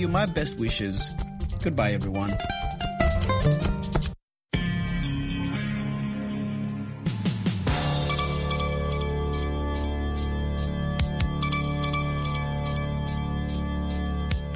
you my best wishes. Goodbye, everyone.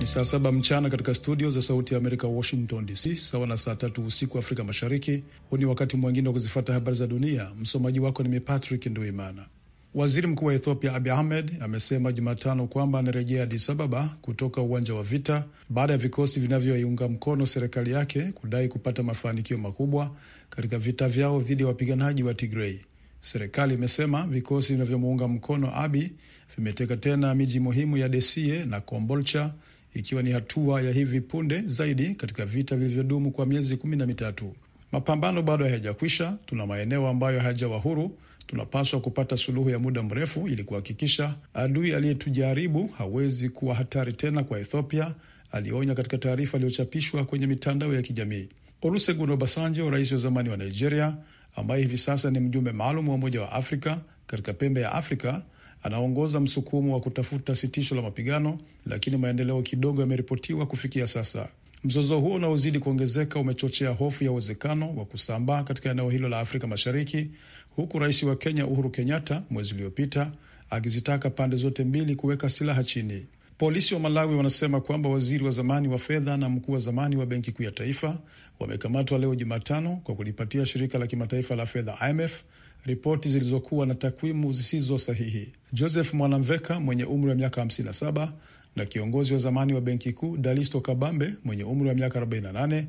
Ni saa saba mchana katika studio za Sauti ya Amerika, Washington DC, sawa na saa tatu usiku Afrika Mashariki. Huu ni wakati mwingine wa kuzifata habari za dunia. Msomaji wako ni mimi Patrick Nduimana. Waziri mkuu wa Ethiopia Abiy Ahmed amesema Jumatano kwamba anarejea Addis Ababa kutoka uwanja wa vita baada ya vikosi vinavyoiunga mkono serikali yake kudai kupata mafanikio makubwa katika vita vyao dhidi ya wapiganaji wa Tigrei. Serikali imesema vikosi vinavyomuunga mkono abi vimeteka tena miji muhimu ya Desie na Kombolcha, ikiwa ni hatua ya hivi punde zaidi katika vita vilivyodumu kwa miezi kumi na mitatu. Mapambano bado hayajakwisha, tuna maeneo ambayo hayajawa huru Tunapaswa kupata suluhu ya muda mrefu ili kuhakikisha adui aliyetujaribu hawezi kuwa hatari tena kwa Ethiopia, alionya katika taarifa iliyochapishwa kwenye mitandao ya kijamii. Olusegun Obasanjo, rais wa zamani wa Nigeria ambaye hivi sasa ni mjumbe maalum wa Umoja wa Afrika katika pembe ya Afrika, anaongoza msukumo wa kutafuta sitisho la mapigano, lakini maendeleo kidogo yameripotiwa kufikia sasa. Mzozo huo unaozidi kuongezeka umechochea hofu ya uwezekano wa kusambaa katika eneo hilo la Afrika Mashariki, huku rais wa Kenya Uhuru Kenyatta mwezi uliopita akizitaka pande zote mbili kuweka silaha chini. Polisi wa Malawi wanasema kwamba waziri wa zamani wa fedha na mkuu wa zamani wa benki kuu ya taifa wamekamatwa leo Jumatano kwa kulipatia shirika la kimataifa la fedha IMF ripoti zilizokuwa na takwimu zisizo sahihi. Joseph Mwanamveka mwenye umri wa miaka 57 na kiongozi wa zamani wa benki kuu Dalisto Kabambe mwenye umri wa miaka 48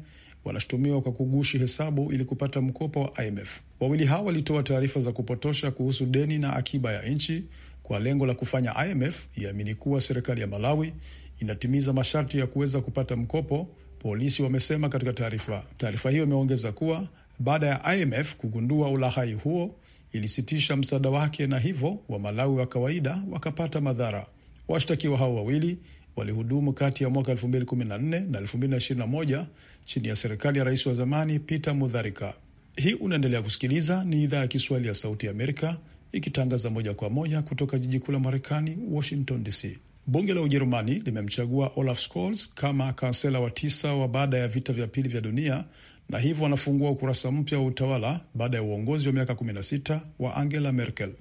wanashutumiwa kwa kugushi hesabu ili kupata mkopo wa IMF. Wawili hawa walitoa taarifa za kupotosha kuhusu deni na akiba ya nchi kwa lengo la kufanya IMF iamini kuwa serikali ya Malawi inatimiza masharti ya kuweza kupata mkopo, polisi wamesema katika taarifa. Taarifa hiyo imeongeza kuwa baada ya IMF kugundua ulahai huo, ilisitisha msaada wake na hivyo wa malawi wa kawaida wakapata madhara. Washtakiwa hao wawili walihudumu kati ya mwaka 2014 na 2021 chini ya serikali ya rais wa zamani Peter Mutharika. Hii unaendelea kusikiliza, ni idhaa ya Kiswahili ya Sauti Amerika ikitangaza moja kwa moja kutoka jiji kuu la Marekani, Washington DC. Bunge la Ujerumani limemchagua Olaf Scholz kama kansela wa tisa wa baada ya vita vya pili vya dunia na hivyo wanafungua ukurasa mpya wa utawala baada ya uongozi wa miaka 16 wa Angela Merkel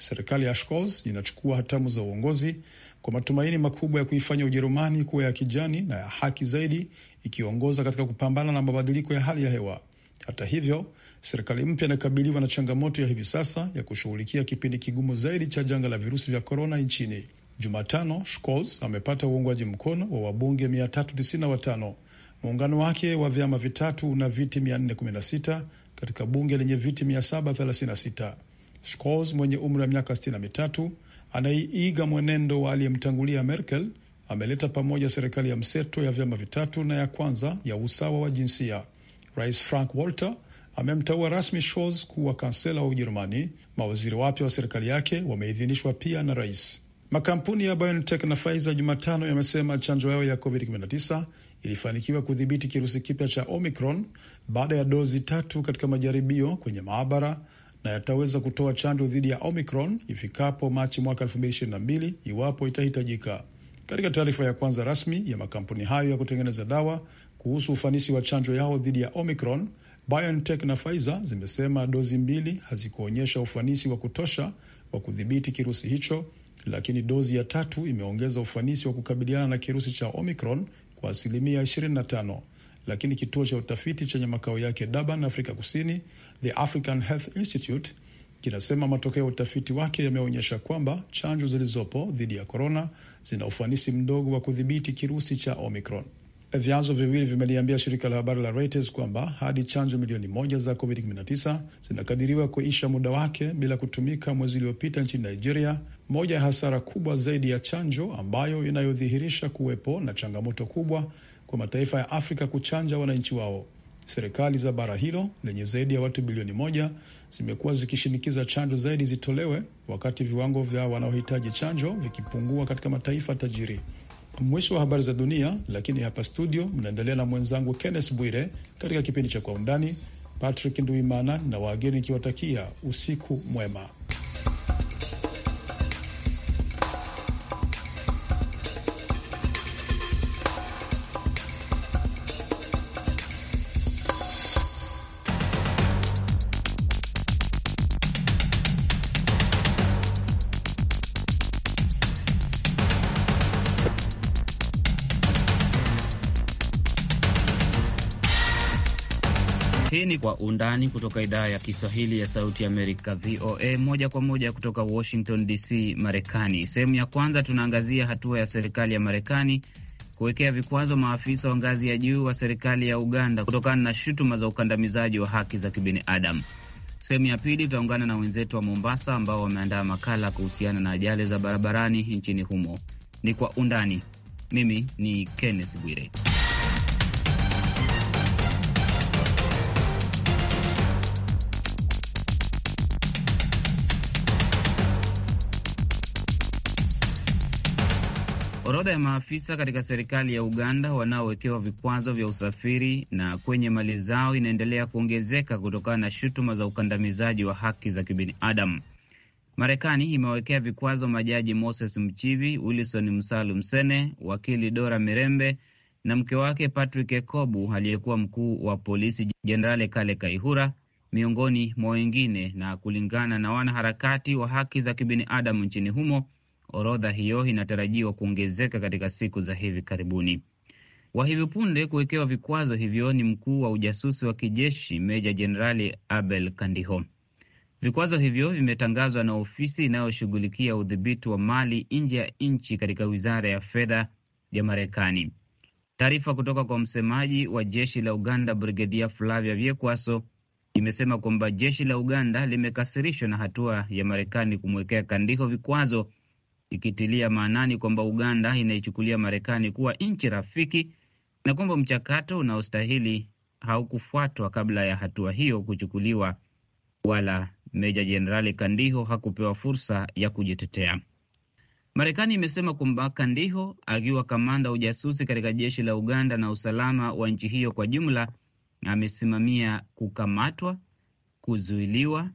serikali ya Scholz inachukua hatamu za uongozi kwa matumaini makubwa ya kuifanya Ujerumani kuwa ya kijani na ya haki zaidi, ikiongoza katika kupambana na mabadiliko ya hali ya hewa. Hata hivyo, serikali mpya inakabiliwa na changamoto ya hivi sasa ya kushughulikia kipindi kigumu zaidi cha janga la virusi vya korona nchini. Jumatano, Scholz amepata uungwaji mkono wa wabunge 395 muungano wake wa vyama vitatu una viti 416 katika bunge lenye viti 736. Scholz mwenye umri wa miaka sitini na mitatu anayeiga mwenendo wa aliyemtangulia Merkel ameleta pamoja serikali ya mseto ya vyama vitatu na ya kwanza ya usawa wa jinsia. Rais Frank Walter amemteua rasmi Scholz kuwa kansela wa Ujerumani. Mawaziri wapya wa serikali yake wameidhinishwa pia na rais. Makampuni ya BioNTech na Pfizer Jumatano yamesema chanjo yao ya COVID-19 ilifanikiwa kudhibiti kirusi kipya cha Omicron baada ya dozi tatu katika majaribio kwenye maabara na yataweza kutoa chanjo dhidi ya Omicron ifikapo Machi mwaka 2022 iwapo itahitajika. Katika taarifa ya kwanza rasmi ya makampuni hayo ya kutengeneza dawa kuhusu ufanisi wa chanjo yao dhidi ya Omicron, BioNTech na Pfizer zimesema dozi mbili hazikuonyesha ufanisi wa kutosha wa kudhibiti kirusi hicho, lakini dozi ya tatu imeongeza ufanisi wa kukabiliana na kirusi cha Omicron kwa asilimia 25 lakini kituo cha utafiti chenye makao yake Durban, Afrika Kusini, The African Health Institute kinasema matokeo ya utafiti wake yameonyesha kwamba chanjo zilizopo dhidi ya korona zina ufanisi mdogo wa kudhibiti kirusi cha Omicron. Vyanzo viwili vimeliambia shirika la habari la Reuters kwamba hadi chanjo milioni moja za COVID-19 zinakadiriwa kuisha muda wake bila kutumika mwezi uliopita nchini Nigeria, moja ya hasara kubwa zaidi ya chanjo ambayo inayodhihirisha kuwepo na changamoto kubwa kwa mataifa ya Afrika kuchanja wananchi wao. Serikali za bara hilo lenye zaidi ya watu bilioni moja zimekuwa zikishinikiza chanjo zaidi zitolewe, wakati viwango vya wanaohitaji chanjo vikipungua katika mataifa tajiri. Mwisho wa habari za dunia, lakini hapa studio mnaendelea na mwenzangu Kenneth Bwire katika kipindi cha Kwa Undani. Patrick Nduimana na wageni nikiwatakia usiku mwema. kwa undani kutoka idhaa ya Kiswahili ya Sauti Amerika, VOA, moja kwa moja kutoka Washington DC, Marekani. Sehemu ya kwanza tunaangazia hatua ya serikali ya Marekani kuwekea vikwazo maafisa wa ngazi ya juu wa serikali ya Uganda kutokana na shutuma za ukandamizaji wa haki za kibinadamu. Sehemu ya pili tutaungana na wenzetu wa Mombasa ambao wameandaa makala kuhusiana na ajali za barabarani nchini humo. Ni kwa undani. Mimi ni Kenneth Bwire. Orodha ya maafisa katika serikali ya Uganda wanaowekewa vikwazo vya usafiri na kwenye mali zao inaendelea kuongezeka kutokana na shutuma za ukandamizaji wa haki za kibinadamu. Marekani imewawekea vikwazo majaji Moses Mchivi, Wilson Msalu Msene, wakili Dora Mirembe na mke wake Patrick Ekobu, aliyekuwa mkuu wa polisi Jenerali Kale Kaihura, miongoni mwa wengine, na kulingana na wanaharakati wa haki za kibinadamu nchini humo Orodha hiyo inatarajiwa kuongezeka katika siku za hivi karibuni. Wa hivi punde kuwekewa vikwazo hivyo ni mkuu wa ujasusi wa kijeshi Meja Jenerali Abel Kandiho. Vikwazo hivyo vimetangazwa na ofisi inayoshughulikia udhibiti wa mali nje ya nchi katika wizara ya fedha ya Marekani. Taarifa kutoka kwa msemaji wa jeshi la Uganda, Brigedia Flavia Vyekwaso, imesema kwamba jeshi la Uganda limekasirishwa na hatua ya Marekani kumwekea Kandiho vikwazo ikitilia maanani kwamba Uganda inaichukulia Marekani kuwa nchi rafiki na kwamba mchakato unaostahili haukufuatwa kabla ya hatua hiyo kuchukuliwa, wala Meja Jenerali Kandiho hakupewa fursa ya kujitetea. Marekani imesema kwamba Kandiho akiwa kamanda ujasusi katika jeshi la Uganda na usalama wa nchi hiyo kwa jumla, amesimamia kukamatwa, kuzuiliwa,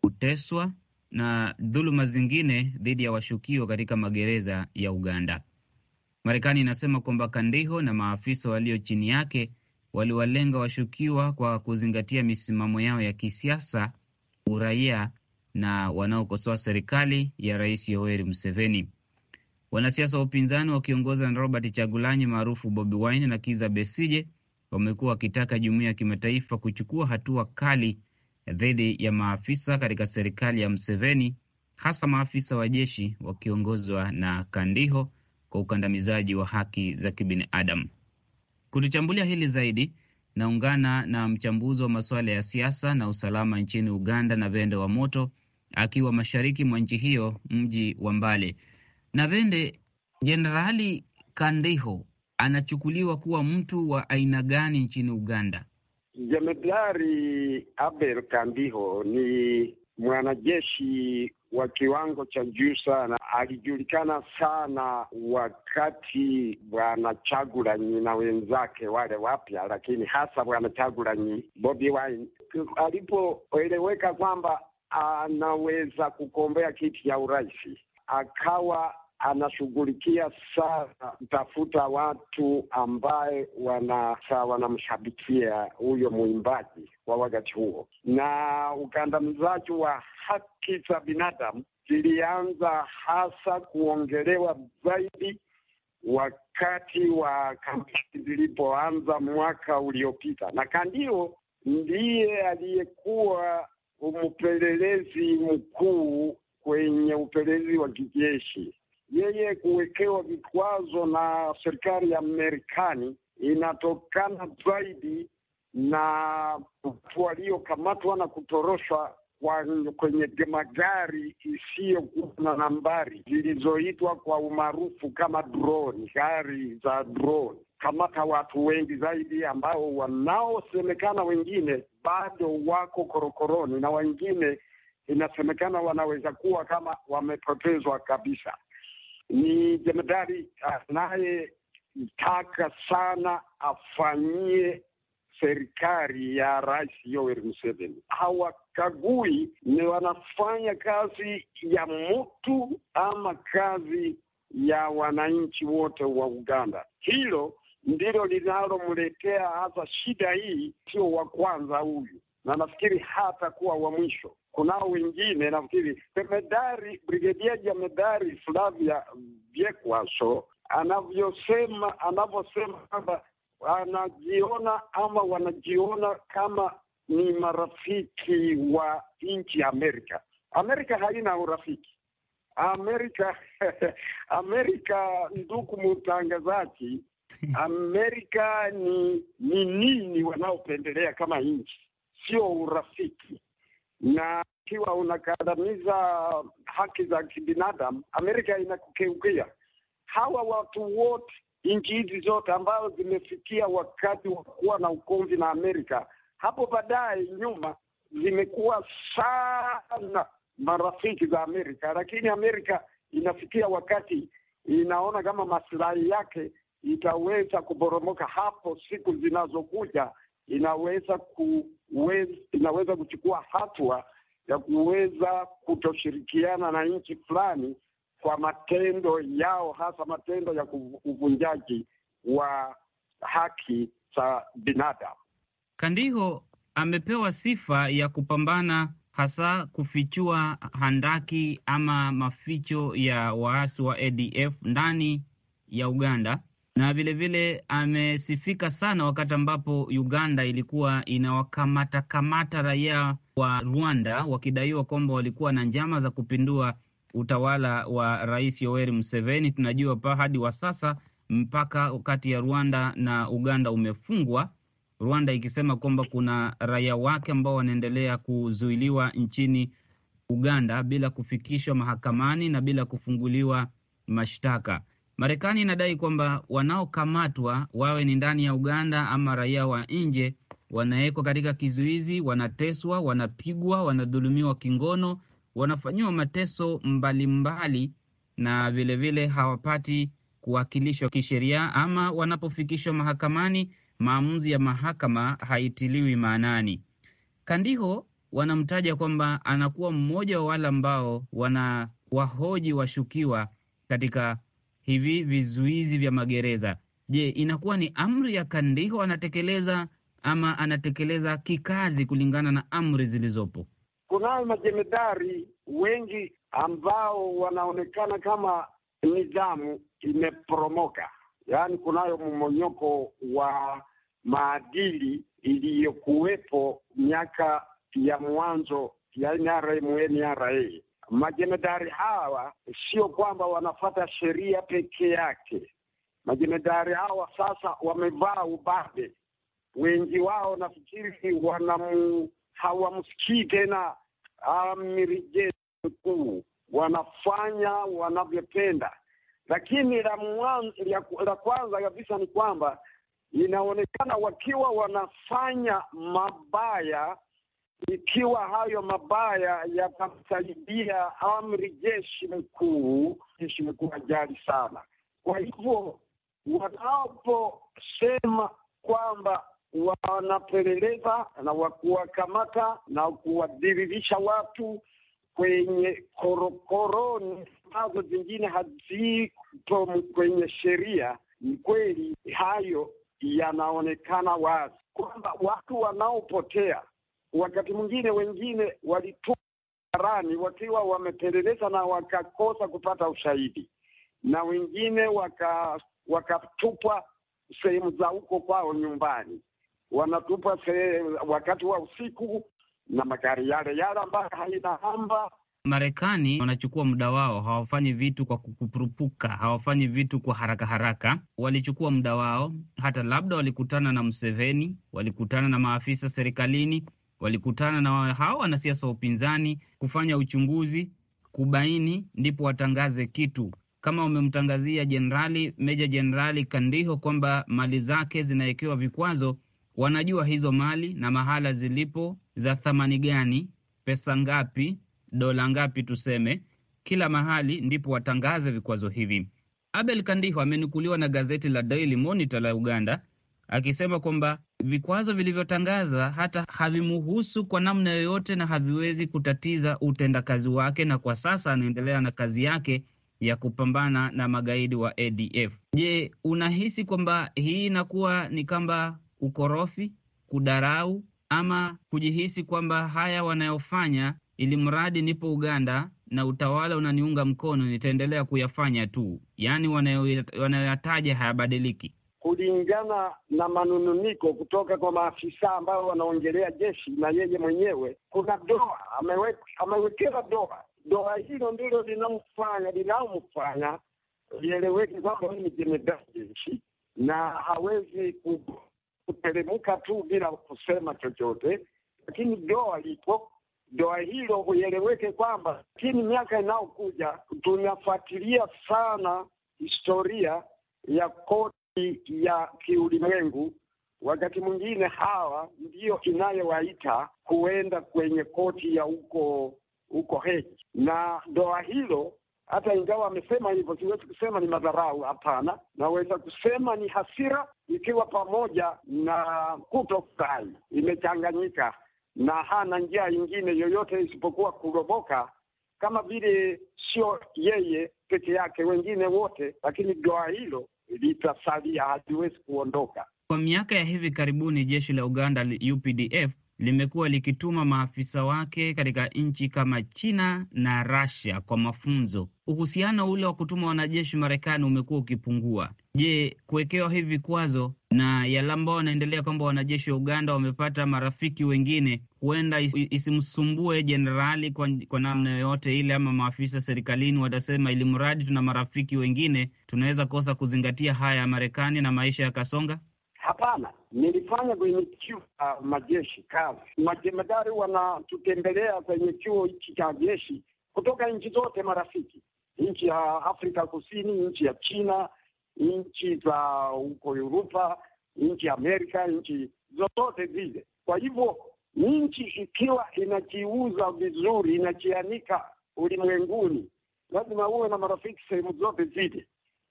kuteswa na dhuluma zingine dhidi ya washukiwa katika magereza ya Uganda. Marekani inasema kwamba Kandiho na maafisa walio chini yake waliwalenga washukiwa kwa kuzingatia misimamo yao ya kisiasa, uraia na wanaokosoa serikali ya Rais Yoweri Museveni. Wanasiasa wa upinzani wakiongozwa na Robert Chagulanyi maarufu Bobi Wine na Kiza Besije wamekuwa wakitaka jumuiya ya kimataifa kuchukua hatua kali dhidi ya maafisa katika serikali ya Mseveni, hasa maafisa wa jeshi wakiongozwa na Kandiho kwa ukandamizaji wa haki za kibinadamu. kutuchambulia hili zaidi, naungana na mchambuzi wa masuala ya siasa na usalama nchini Uganda na Vende wa Moto akiwa mashariki mwa nchi hiyo, mji wa Mbale. Na Vende, Jenerali Kandiho anachukuliwa kuwa mtu wa aina gani nchini Uganda? Jemedari Abel Kambiho ni mwanajeshi wa kiwango cha juu sana. Alijulikana sana wakati Bwana Chagulanyi na wenzake wale wapya, lakini hasa Bwana Chagulanyi, Bobi Wine alipoeleweka kwamba anaweza kukombea kiti ya urais, akawa anashughulikia sana kutafuta watu ambaye wanamshabikia huyo mwimbaji wa wakati huo, na ukandamizaji wa haki za binadamu zilianza hasa kuongelewa zaidi wakati wa kampeni zilipoanza mwaka uliopita, na Kandio ndiye aliyekuwa mpelelezi mkuu kwenye upelelezi wa kijeshi yeye kuwekewa vikwazo na serikali ya Marekani inatokana zaidi na watu waliokamatwa na kutoroshwa kwenye magari isiyokuwa na nambari zilizoitwa kwa umaarufu kama drone, gari za drone. Kamata watu wengi zaidi ambao wanaosemekana wengine bado wako korokoroni na wengine inasemekana wanaweza kuwa kama wamepotezwa kabisa ni jemadari anayetaka sana afanyie serikali ya Rais Yoweri Museveni. Hawakagui ni wanafanya kazi ya mtu ama kazi ya wananchi wote wa Uganda. Hilo ndilo linalomletea hasa shida hii. Sio wa kwanza huyu, na nafikiri hata kuwa wa mwisho kunao wengine nafikiri jemedari brigedia jemedari Flavia Vyekwaso anavyosema anavyosema kwamba anajiona ama wanajiona kama ni marafiki wa nchi ya Amerika. Amerika haina urafiki Amerika. Amerika, ndugu mtangazaji, Amerika ni ni nini wanaopendelea kama nchi, sio urafiki na ikiwa unakandamiza haki za kibinadamu, Amerika inakukeukia. Hawa watu wote, nchi hizi zote ambazo zimefikia wakati wa kuwa na ukomvi na Amerika, hapo baadaye nyuma zimekuwa sana marafiki za Amerika, lakini Amerika inafikia wakati inaona kama masilahi yake itaweza kuporomoka hapo siku zinazokuja, inaweza ku, inaweza kuchukua hatua ya kuweza kutoshirikiana na nchi fulani kwa matendo yao, hasa matendo ya uvunjaji wa haki za binadamu. Kandiho amepewa sifa ya kupambana hasa kufichua handaki ama maficho ya waasi wa ADF ndani ya Uganda na vilevile amesifika sana wakati ambapo Uganda ilikuwa inawakamata kamata raia wa Rwanda wakidaiwa kwamba walikuwa na njama za kupindua utawala wa Rais Yoweri Museveni. Tunajua pa hadi wa sasa mpaka kati ya Rwanda na Uganda umefungwa, Rwanda ikisema kwamba kuna raia wake ambao wanaendelea kuzuiliwa nchini Uganda bila kufikishwa mahakamani na bila kufunguliwa mashtaka. Marekani inadai kwamba wanaokamatwa wawe ni ndani ya Uganda ama raia wa nje, wanawekwa katika kizuizi, wanateswa, wanapigwa, wanadhulumiwa kingono, wanafanyiwa mateso mbalimbali mbali, na vilevile hawapati kuwakilishwa kisheria, ama wanapofikishwa mahakamani maamuzi ya mahakama haitiliwi maanani. Kandiho wanamtaja kwamba anakuwa mmoja wa wale ambao wanawahoji washukiwa katika hivi vizuizi vya magereza. Je, inakuwa ni amri ya Kandiho anatekeleza ama anatekeleza kikazi kulingana na amri zilizopo? Kunao majemedari wengi ambao wanaonekana kama nidhamu imeporomoka, yaani kunayo mmonyoko wa maadili iliyokuwepo miaka ya mwanzo ya NRM NRA Majemedari hawa sio kwamba wanafuata sheria peke yake. Majemedari hawa sasa wamevaa ubabe, wengi wao nafikiri wanamu, hawamsikii tena amiri jeshi mkuu, wanafanya wanavyopenda. Lakini la, la kwanza kabisa ni kwamba inaonekana wakiwa wanafanya mabaya ikiwa hayo mabaya yatamsaidia amri jeshi mkuu, jeshi mkuu ajali sana. Kwa hivyo wanaposema kwamba wanapeleleza na wakuwakamata na kuwadiririsha watu kwenye korokoroni ambazo zingine haziko kwenye sheria, ni kweli hayo yanaonekana wazi kwamba watu wanaopotea wakati mwingine wengine walitua rani wakiwa wamepeleleza na wakakosa kupata ushahidi, na wengine wakatupwa waka sehemu za huko kwao nyumbani, wanatupwa wakati wa usiku na magari yale yale ambayo haina hamba. Marekani wanachukua muda wao, hawafanyi vitu kwa kukupurupuka, hawafanyi vitu kwa haraka haraka. Walichukua muda wao, hata labda walikutana na Museveni, walikutana na maafisa serikalini, walikutana na hao wanasiasa wa upinzani kufanya uchunguzi kubaini, ndipo watangaze kitu. Kama wamemtangazia jenerali meja jenerali Kandiho kwamba mali zake zinawekewa vikwazo, wanajua hizo mali na mahala zilipo, za thamani gani, pesa ngapi, dola ngapi tuseme, kila mahali, ndipo watangaze vikwazo hivi. Abel Kandiho amenukuliwa na gazeti la Daily Monitor la Uganda akisema kwamba vikwazo vilivyotangaza hata havimuhusu kwa namna yoyote na haviwezi kutatiza utendakazi wake, na kwa sasa anaendelea na kazi yake ya kupambana na magaidi wa ADF. Je, unahisi kwamba hii inakuwa ni kama ukorofi, kudarau ama kujihisi kwamba haya wanayofanya, ili mradi nipo Uganda na utawala unaniunga mkono, nitaendelea kuyafanya tu, yaani wanayoyataja hayabadiliki? kulingana na manununiko kutoka kwa maafisa ambao wanaongelea jeshi na yeye mwenyewe, kuna doa amewekewa doa. Doa hilo ndilo linamfanya linamfanya lieleweke kwamba ni jemedari jeshi na hawezi kuteremka tu bila kusema chochote, lakini doa lipo. Doa hilo ueleweke kwamba, lakini miaka inayokuja tunafuatilia sana historia ya koti ya kiulimwengu. Wakati mwingine hawa ndiyo inayowaita kuenda kwenye koti ya uko uko Hague, na doa hilo hata ingawa amesema hivyo, siwezi kusema ni madharau, hapana. Naweza kusema ni hasira, ikiwa pamoja na kutofurahi, imechanganyika na hana njia ingine yoyote isipokuwa kuroboka, kama vile sio yeye peke yake, wengine wote. Lakini doa hilo vitasalia, haziwezi kuondoka. Kwa miaka ya hivi karibuni, jeshi la Uganda UPDF limekuwa likituma maafisa wake katika nchi kama China na Russia kwa mafunzo. Uhusiano ule wa kutuma wanajeshi Marekani umekuwa ukipungua. Je, kuwekewa hivi vikwazo na yale ambao wanaendelea kwamba wanajeshi wa Uganda wamepata marafiki wengine, huenda isimsumbue jenerali kwa, kwa namna yoyote ile, ama maafisa serikalini watasema, ili mradi tuna marafiki wengine tunaweza kosa kuzingatia haya ya Marekani na maisha ya kasonga Hapana, nilifanya kwenye chuo cha uh, majeshi kazi. Majemadari wanatutembelea kwenye chuo hichi cha jeshi kutoka nchi zote marafiki, nchi ya Afrika Kusini, nchi ya China nchi za huko europa nchi Amerika, nchi zozote zile. Kwa hivyo nchi ikiwa inajiuza vizuri, inajianika ulimwenguni, lazima uwe na marafiki sehemu zote zile,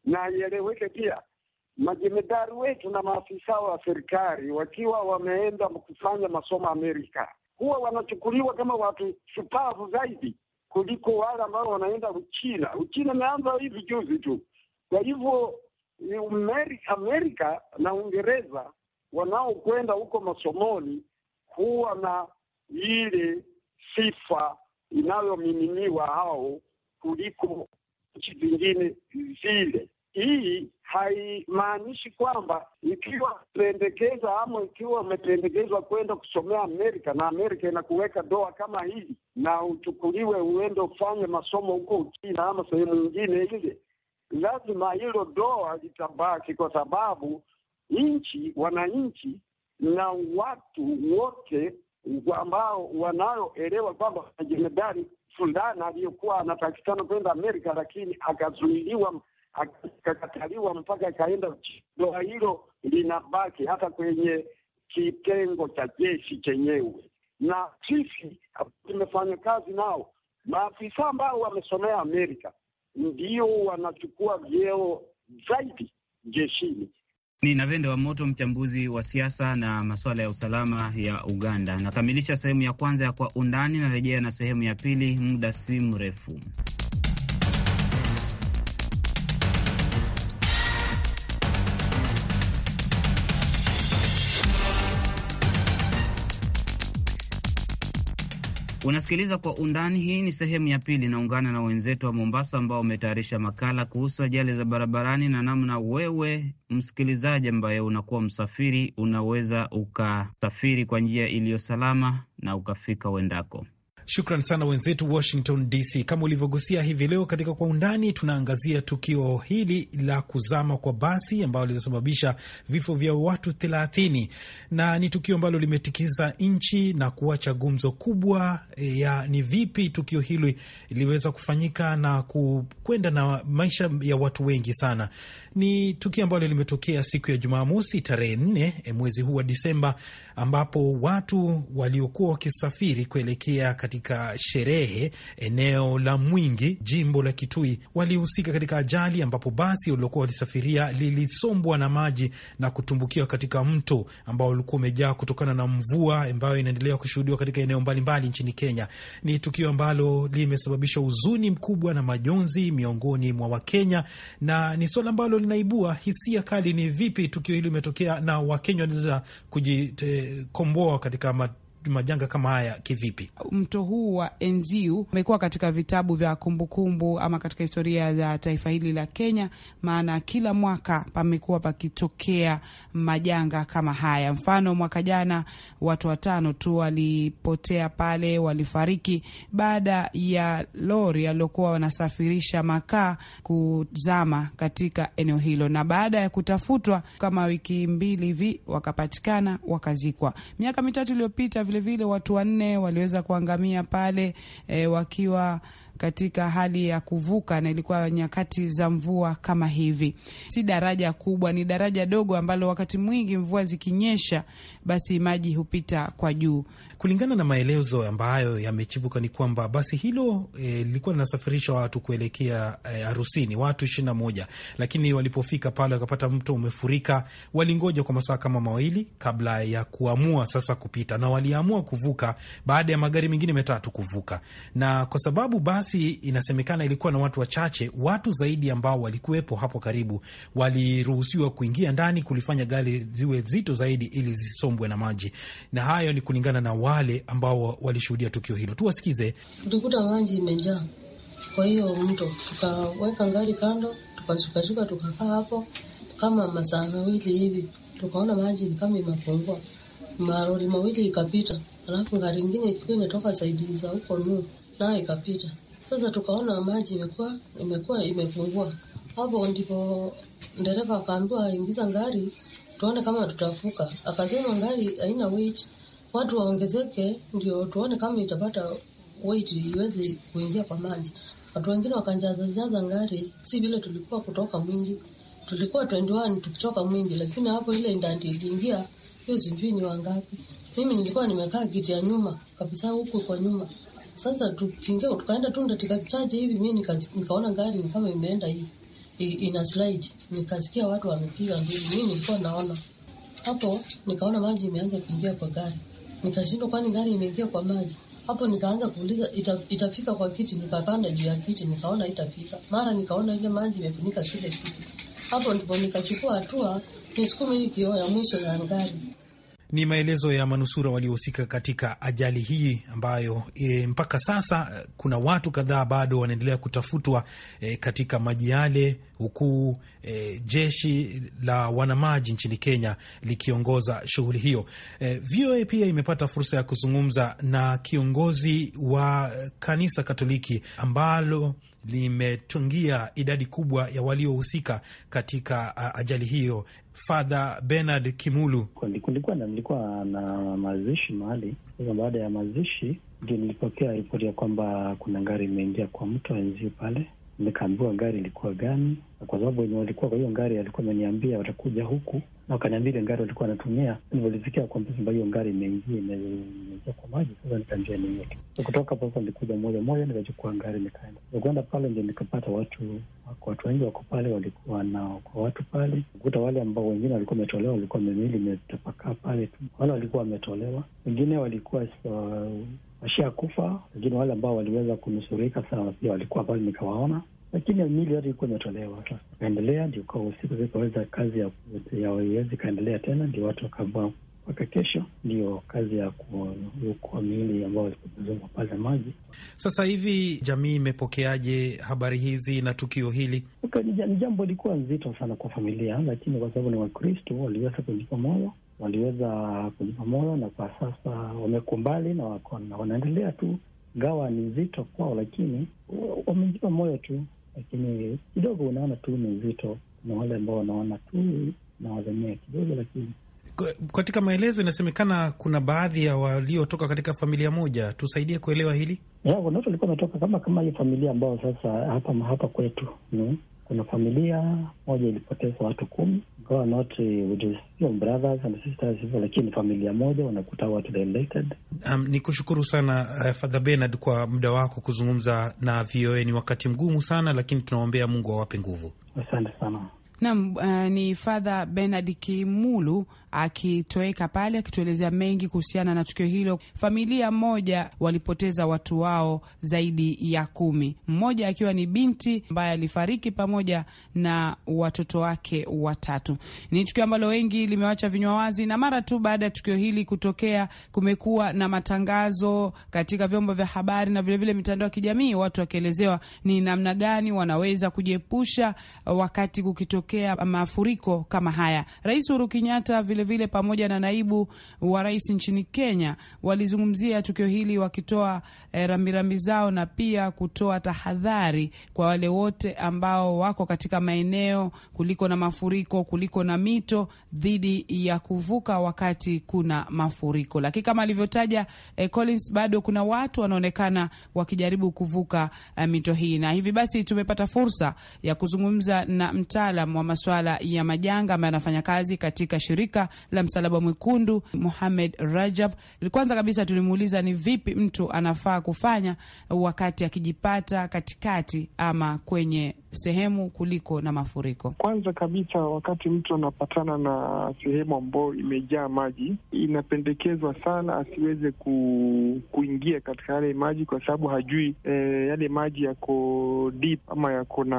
na ieleweke pia majemedari wetu na maafisa wa serikali wakiwa wameenda kufanya masomo Amerika, huwa wanachukuliwa kama watu shupavu zaidi kuliko wale ambao wanaenda Uchina. Uchina imeanza hivi juzi tu. Kwa hivyo ni Amerika na Uingereza wanaokwenda huko masomoni huwa na ile sifa inayomiminiwa hao kuliko nchi zingine zile. Hii haimaanishi kwamba ikiwa pendekeza ama ikiwa umependekezwa kwenda kusomea Amerika na Amerika inakuweka doa kama hili, na uchukuliwe uende ufanye masomo huko Uchina ama sehemu nyingine ile, lazima hilo doa litabaki, kwa sababu nchi, wananchi na watu wote ambao wanaoelewa kwamba jemedari fulani aliyokuwa anatakikana kwenda Amerika, lakini akazuiliwa akakataliwa mpaka akaenda. Doa hilo linabaki hata kwenye kitengo cha jeshi chenyewe, na sisi tumefanya kazi nao maafisa ambao wamesomea Amerika ndio wanachukua vyeo zaidi jeshini. Ni Navende wa Moto, mchambuzi wa siasa na masuala ya usalama ya Uganda. Nakamilisha sehemu ya kwanza ya Kwa Undani, narejea na sehemu ya pili muda si mrefu. Unasikiliza kwa undani. Hii ni sehemu ya pili. inaungana na wenzetu wa Mombasa ambao wametayarisha makala kuhusu ajali za barabarani na namna wewe msikilizaji, ambaye unakuwa msafiri, unaweza ukasafiri kwa njia iliyo salama na ukafika uendako. Shukran sana wenzetu Washington DC. Kama ulivyogusia hivi leo katika Kwa Undani, tunaangazia tukio hili la kuzama kwa basi ambalo lilisababisha vifo vya watu 30 na ni tukio ambalo limetikiza nchi na kuacha gumzo kubwa e, ya ni vipi tukio hili liliweza kufanyika na kukwenda na maisha ya watu wengi sana. Ni tukio ambalo limetokea siku ya Jumamosi tarehe 4 e, mwezi huu wa Disemba, ambapo watu waliokuwa wakisafiri kuelekea katika katika sherehe eneo la Mwingi, jimbo la Kitui, walihusika katika ajali ambapo basi waliokuwa walisafiria lilisombwa na maji na kutumbukiwa katika mto ambao ulikuwa umejaa kutokana na mvua ambayo inaendelea kushuhudiwa katika eneo mbalimbali mbali nchini Kenya. Ni tukio ambalo limesababisha huzuni mkubwa na majonzi miongoni mwa Wakenya na ni suala ambalo linaibua hisia kali. Ni vipi tukio hili limetokea na Wakenya wanaweza kujikomboa katika majanga kama haya kivipi? Mto huu wa Enziu umekuwa katika vitabu vya kumbukumbu kumbu, ama katika historia za taifa hili la Kenya, maana kila mwaka pamekuwa pakitokea majanga kama haya. Mfano mwaka jana watu watano tu walipotea pale, walifariki baada ya lori aliokuwa wanasafirisha makaa kuzama katika eneo hilo, na baada ya kutafutwa kama wiki mbili hivi wakapatikana, wakazikwa. Miaka mitatu iliyopita vilevile watu wanne waliweza kuangamia pale e, wakiwa katika hali ya kuvuka, na ilikuwa nyakati za mvua kama hivi. Si daraja kubwa, ni daraja dogo ambalo wakati mwingi mvua zikinyesha, basi maji hupita kwa juu. Kulingana na maelezo ambayo yamechipuka ni kwamba basi hilo eh, lilikuwa e, linasafirisha watu kuelekea e, eh, harusini, watu ishirini na moja, lakini walipofika pale wakapata mto umefurika. Walingoja kwa masaa kama mawili kabla ya kuamua sasa kupita, na waliamua kuvuka baada ya magari mengine matatu kuvuka, na kwa sababu basi basi inasemekana ilikuwa na watu wachache. Watu zaidi ambao walikuwepo hapo karibu waliruhusiwa kuingia ndani, kulifanya gari ziwe zito zaidi ili zisombwe na maji, na hayo ni kulingana na wale ambao walishuhudia tukio hilo. Tuwasikize. tukuta maji imejaa, kwa hiyo mto, tukaweka ngari kando, tukashukashuka, tukakaa hapo kama masaa mawili hivi, tukaona maji kama imepungua, marori mawili ikapita, alafu ngari ingine ikiwa inatoka saidi za huko nu nayo ikapita sasa tukaona maji imekuwa imekuwa imefungua hapo ndipo dereva akaambiwa ingiza ngari tuone kama tutafuka Akasema ngari haina weight, watu waongezeke ndio tuone kama itapata weight iweze kuingia kwa maji. Watu wengine wakanjazajaza ngari, si vile tulikuwa kutoka mwingi, tulikuwa 21 tukitoka mwingi, lakini hapo ile ndani iliingia hiyo sijui ni wangapi. Mimi nilikuwa nimekaa kiti ya nyuma kabisa, huku kwa nyuma sasa tukiingia tukaenda tu katika kichache hivi, mimi nika, nikaona gari ni kama imeenda hivi ina slide, nikasikia watu wamepiga ngumi, mimi nilikuwa naona hapo, nikaona maji imeanza kuingia kwa gari, nikashindwa kwani gari imeingia kwa maji hapo nikaanza kuuliza ita, itafika kwa kiti. Nikapanda juu ya kiti, nikaona itafika, mara nikaona ile maji imefunika kile kiti. Hapo ndipo nikachukua hatua nisukume hii kioo ya mwisho ya gari ni maelezo ya manusura waliohusika katika ajali hii ambayo e, mpaka sasa e, kuna watu kadhaa bado wanaendelea kutafutwa e, katika maji yale, huku e, jeshi la wanamaji nchini Kenya likiongoza shughuli hiyo. E, VOA pia imepata fursa ya kuzungumza na kiongozi wa kanisa Katoliki ambalo limetungia idadi kubwa ya waliohusika katika ajali hiyo Father Bernard Kimulu. Kulikuwa na nilikuwa na mazishi mahali sasa. Baada ya mazishi, ndio nilipokea ripoti ya kwamba kuna ngari imeingia kwa mtu wenzio pale. Nikaambiwa gari ilikuwa gani, kwa sababu wenye walikuwa kwa hiyo ngari alikuwa ameniambia watakuja huku na wakaniambia ngari walikuwa wanatumia. Nilivyolisikia kwamba simba hiyo ngari imeingia imeingia kwa maji, sasa nikaambia niyote kutoka hapo. Sasa nilikuja moja moja nikachukua ngari nikaenda, nikuenda pale ndio nikapata watu wako watu wengi wako pale, walikuwa na kwa watu pale kuta wale ambao wengine walikuwa wametolewa, walikuwa miili imetapakaa pale tu, wale walikuwa wametolewa, wengine walikuwa uh, washia kufa lakini wale ambao waliweza kunusurika sana pia walikuwa pale, nikawaona lakini mili yote ilikuwa imetolewa, ikaendelea ndio usiku zikaweza kazi ya yawezi ikaendelea tena, ndio watu wakaamua mpaka kesho ndio kazi ya kuokoa miili ambayo zimezungwa pale maji. Sasa hivi jamii imepokeaje habari hizi na tukio hili? Ni jambo ilikuwa nzito sana kwa familia, lakini kwa sababu ni Wakristo waliweza kujipa moyo, waliweza kujipa moyo, na kwa sasa wamekumbali na wanaendelea tu, ngawa ni nzito kwao, lakini wamejipa moyo tu lakini kidogo unaona tu ni uzito na wale ambao wanaona tu nawazamia kidogo, lakini katika maelezo inasemekana kuna baadhi ya waliotoka katika familia moja. Tusaidie kuelewa hili. Yeah, kuna watu walikuwa wametoka kama kama hiyo familia ambao sasa hapa hapa kwetu ni hmm? kuna familia moja ilipoteza watu kumi not eh, you brothers and sisters hivyo, lakini familia moja wanakuta watu related. Um, ni kushukuru sana uh, Father Bernard kwa muda wako kuzungumza na VOA. Ni wakati mgumu sana, lakini tunaombea Mungu awape nguvu. Asante sana. uh, ni Father Bernard Kimulu akitoweka pale akituelezea mengi kuhusiana na tukio hilo. Familia moja walipoteza watu wao zaidi ya kumi, mmoja akiwa ni binti ambaye alifariki pamoja na watoto wake watatu. Ni tukio ambalo wengi limewacha vinywa wazi, na mara tu baada ya tukio hili kutokea kumekuwa na matangazo katika vyombo vya habari na vilevile mitandao ya kijamii, watu wakielezewa ni namna gani wanaweza kujiepusha wakati kukitokea mafuriko kama haya. Rais Uhuru Kenyatta vile vilevile pamoja na naibu wa rais nchini Kenya walizungumzia tukio hili wakitoa eh, rambirambi zao na pia kutoa tahadhari kwa wale wote ambao wako katika maeneo kuliko na mafuriko kuliko na mito dhidi ya kuvuka wakati kuna mafuriko. Lakini kama alivyotaja eh, Collins, bado kuna watu wanaonekana wakijaribu kuvuka eh, mito hii, na hivi basi tumepata fursa ya kuzungumza na mtaalam wa masuala ya majanga ambaye anafanya kazi katika shirika la Msalaba Mwekundu Mohamed Rajab. Kwanza kabisa tulimuuliza ni vipi mtu anafaa kufanya wakati akijipata katikati ama kwenye sehemu kuliko na mafuriko. Kwanza kabisa, wakati mtu anapatana na sehemu ambayo imejaa maji, inapendekezwa sana asiweze ku, kuingia katika yale maji, kwa sababu hajui e, yale maji yako deep ama yako na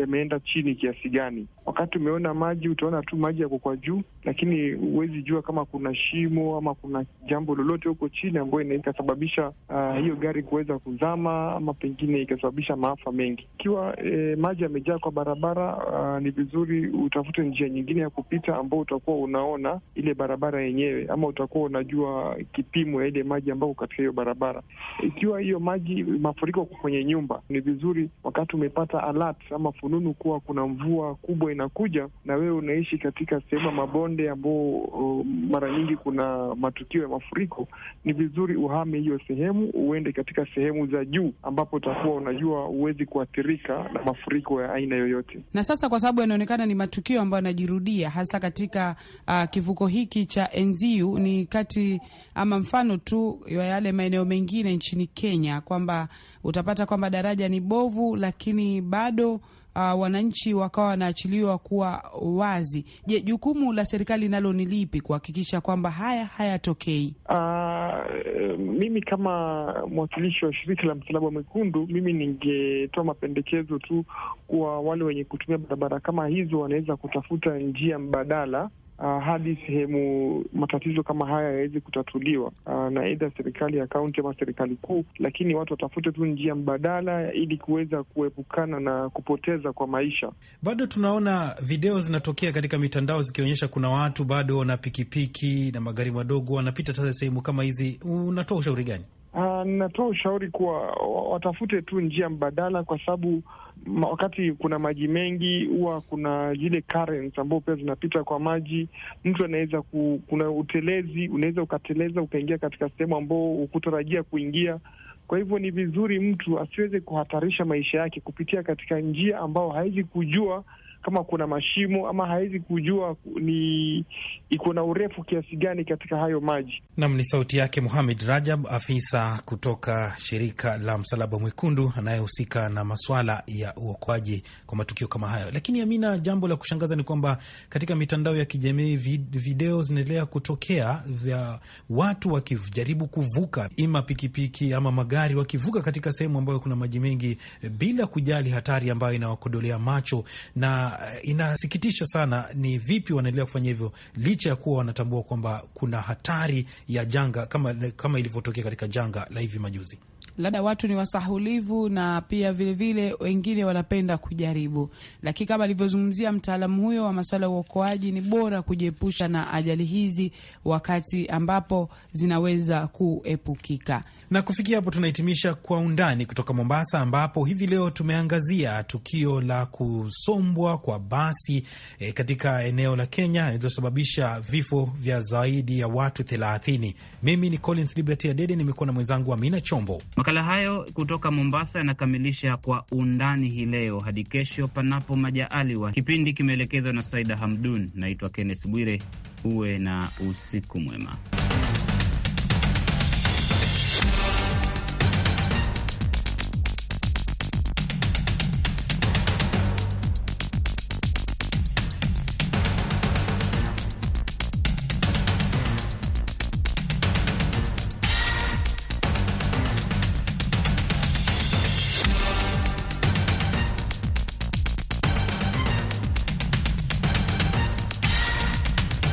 yameenda chini kiasi gani. Wakati umeona maji, utaona tu maji yako kwa juu, lakini lakini huwezi jua kama kuna shimo ama kuna jambo lolote huko chini ambayo ikasababisha uh, hiyo gari kuweza kuzama ama pengine ikasababisha maafa mengi. Ikiwa eh, maji yamejaa kwa barabara uh, ni vizuri utafute njia nyingine ya kupita ambao utakuwa unaona ile barabara yenyewe, ama utakuwa unajua kipimo ya ile maji ambayo katika hiyo barabara. Ikiwa hiyo maji mafuriko kwenye nyumba, ni vizuri wakati umepata alert ama fununu kuwa kuna mvua kubwa inakuja na wewe unaishi katika sehemu ya mabonde ambao uh, mara nyingi kuna matukio ya mafuriko, ni vizuri uhame hiyo sehemu, uende katika sehemu za juu ambapo utakuwa unajua huwezi kuathirika na mafuriko ya aina yoyote. Na sasa kwa sababu yanaonekana ni matukio ambayo yanajirudia hasa katika uh, kivuko hiki cha Enziu, ni kati ama mfano tu ya yale maeneo mengine nchini Kenya, kwamba utapata kwamba daraja ni bovu, lakini bado uh, wananchi wakawa wanaachiliwa kuwa wazi. Je, jukumu la serikali nalo ni lipi kuhakikisha kwamba haya hayatokei? Uh, mimi kama mwakilishi wa shirika la Msalaba Mwekundu, mimi ningetoa mapendekezo tu kwa wale wenye kutumia barabara kama hizo, wanaweza kutafuta njia mbadala uh, hadi sehemu matatizo kama haya yaweze kutatuliwa uh, na aidha serikali ya kaunti ama serikali kuu, lakini watu watafute tu njia mbadala ili kuweza kuepukana na kupoteza kwa maisha. Bado tunaona video zinatokea katika mitandao zikionyesha kuna watu bado na pikipiki na magari madogo wanapita sasa sehemu kama hizi, unatoa ushauri gani? Ah, natoa ushauri kuwa watafute tu njia mbadala, kwa sababu wakati kuna maji mengi huwa kuna zile currents ambao pia zinapita kwa maji. Mtu anaweza ku, kuna utelezi, unaweza ukateleza ukaingia katika sehemu ambao hukutarajia kuingia. Kwa hivyo ni vizuri mtu asiweze kuhatarisha maisha yake kupitia katika njia ambao hawezi kujua kama kuna mashimo ama hawezi kujua ni iko na urefu kiasi gani katika hayo maji. Nam ni sauti yake Muhamed Rajab, afisa kutoka shirika la Msalaba Mwekundu anayehusika na maswala ya uokoaji kwa matukio kama hayo. Lakini Amina, jambo la kushangaza ni kwamba katika mitandao ya kijamii video zinaendelea kutokea vya watu wakijaribu kuvuka, ima pikipiki ama magari, wakivuka katika sehemu ambayo kuna maji mengi bila kujali hatari ambayo inawakodolea macho na inasikitisha sana, ni vipi wanaendelea kufanya hivyo licha ya kuwa wanatambua kwamba kuna hatari ya janga kama, kama ilivyotokea katika janga la hivi majuzi labda watu ni wasahulivu na pia vilevile wengine vile wanapenda kujaribu, lakini kama alivyozungumzia mtaalamu huyo wa masuala ya uokoaji, ni bora kujiepusha na ajali hizi wakati ambapo zinaweza kuepukika. Na kufikia hapo tunahitimisha Kwa Undani kutoka Mombasa, ambapo hivi leo tumeangazia tukio la kusombwa kwa basi e, katika eneo la Kenya lililosababisha vifo vya zaidi ya watu 30. Mimi ni Collins Liberty Adede, nimekuwa na mwenzangu Amina Chombo. Makala hayo kutoka Mombasa yanakamilisha kwa undani hii leo. Hadi kesho, panapo majaaliwa. Kipindi kimeelekezwa na Saida Hamdun. Naitwa Kennes Bwire. Uwe na usiku mwema.